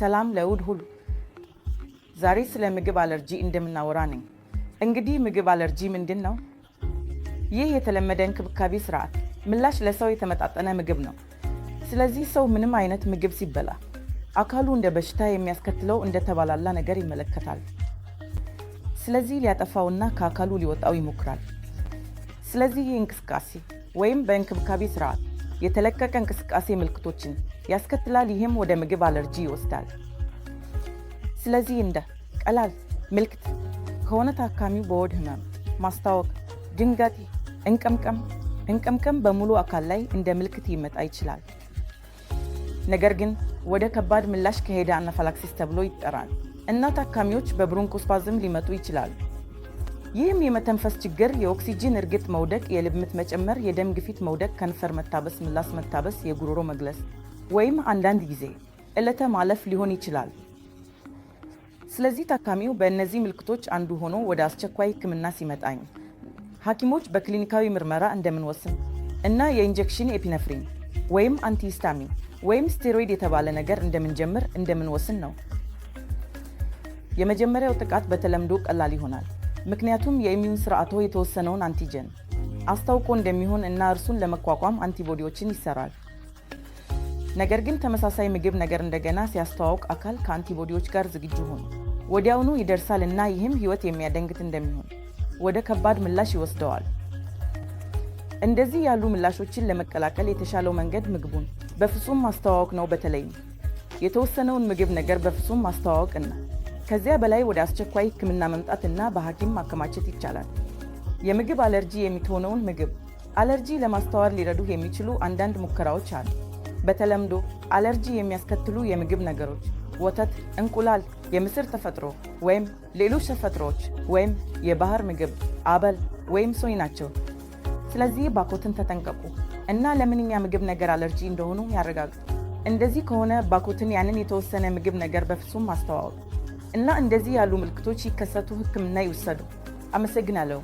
ሰላም ለውድ ሁሉ። ዛሬ ስለ ምግብ አለርጂ እንደምናወራ ነኝ። እንግዲህ ምግብ አለርጂ ምንድን ነው? ይህ የተለመደ እንክብካቤ ስርዓት ምላሽ ለሰው የተመጣጠነ ምግብ ነው። ስለዚህ ሰው ምንም አይነት ምግብ ሲበላ አካሉ እንደ በሽታ የሚያስከትለው እንደተባላላ ነገር ይመለከታል። ስለዚህ ሊያጠፋውና ከአካሉ ሊወጣው ይሞክራል። ስለዚህ ይህ እንቅስቃሴ ወይም በእንክብካቤ ስርዓት የተለቀቀ እንቅስቃሴ ምልክቶችን ያስከትላል። ይህም ወደ ምግብ አለርጂ ይወስዳል። ስለዚህ እንደ ቀላል ምልክት ከሆነ ታካሚው በሆድ ህመም፣ ማስታወክ፣ ድንጋጤ፣ እንቀምቀም እንቅምቅም በሙሉ አካል ላይ እንደ ምልክት ሊመጣ ይችላል። ነገር ግን ወደ ከባድ ምላሽ ከሄደ አናፋላክሲስ ተብሎ ይጠራል እና ታካሚዎች በብሮንኮስፓዝም ሊመጡ ይችላሉ። ይህም የመተንፈስ ችግር፣ የኦክሲጂን እርግጥ መውደቅ፣ የልብ ምት መጨመር፣ የደም ግፊት መውደቅ፣ ከንፈር መታበስ፣ ምላስ መታበስ፣ የጉሮሮ መግለስ ወይም አንዳንድ ጊዜ ዕለተ ማለፍ ሊሆን ይችላል። ስለዚህ ታካሚው በእነዚህ ምልክቶች አንዱ ሆኖ ወደ አስቸኳይ ሕክምና ሲመጣኝ ሐኪሞች በክሊኒካዊ ምርመራ እንደምንወስን እና የኢንጀክሽን ኤፒነፍሪን ወይም አንቲሂስታሚን ወይም ስቴሮይድ የተባለ ነገር እንደምንጀምር እንደምንወስን ነው። የመጀመሪያው ጥቃት በተለምዶ ቀላል ይሆናል። ምክንያቱም የኢሚዩን ስርዓቶ የተወሰነውን አንቲጀን አስታውቆ እንደሚሆን እና እርሱን ለመቋቋም አንቲቦዲዎችን ይሰራል። ነገር ግን ተመሳሳይ ምግብ ነገር እንደገና ሲያስተዋውቅ አካል ከአንቲቦዲዎች ጋር ዝግጁ ሆኑ ወዲያውኑ ይደርሳል እና ይህም ህይወት የሚያደንግት እንደሚሆን ወደ ከባድ ምላሽ ይወስደዋል። እንደዚህ ያሉ ምላሾችን ለመቀላቀል የተሻለው መንገድ ምግቡን በፍጹም ማስተዋወቅ ነው። በተለይም የተወሰነውን ምግብ ነገር በፍጹም ማስተዋወቅ እና ከዚያ በላይ ወደ አስቸኳይ ሕክምና መምጣትና በሐኪም ማከማቸት ይቻላል። የምግብ አለርጂ የሚትሆነውን ምግብ አለርጂ ለማስተዋል ሊረዱህ የሚችሉ አንዳንድ ሙከራዎች አሉ። በተለምዶ አለርጂ የሚያስከትሉ የምግብ ነገሮች ወተት፣ እንቁላል፣ የምስር ተፈጥሮ ወይም ሌሎች ተፈጥሮዎች ወይም የባህር ምግብ፣ አበል ወይም ሶይ ናቸው። ስለዚህ ባኮትን ተጠንቀቁ እና ለምንኛ ምግብ ነገር አለርጂ እንደሆኑ ያረጋግጡ። እንደዚህ ከሆነ ባኮትን ያንን የተወሰነ ምግብ ነገር በፍጹም ማስተዋወቅ እና እንደዚህ ያሉ ምልክቶች ሲከሰቱ ህክምና ይውሰዱ። አመሰግናለሁ።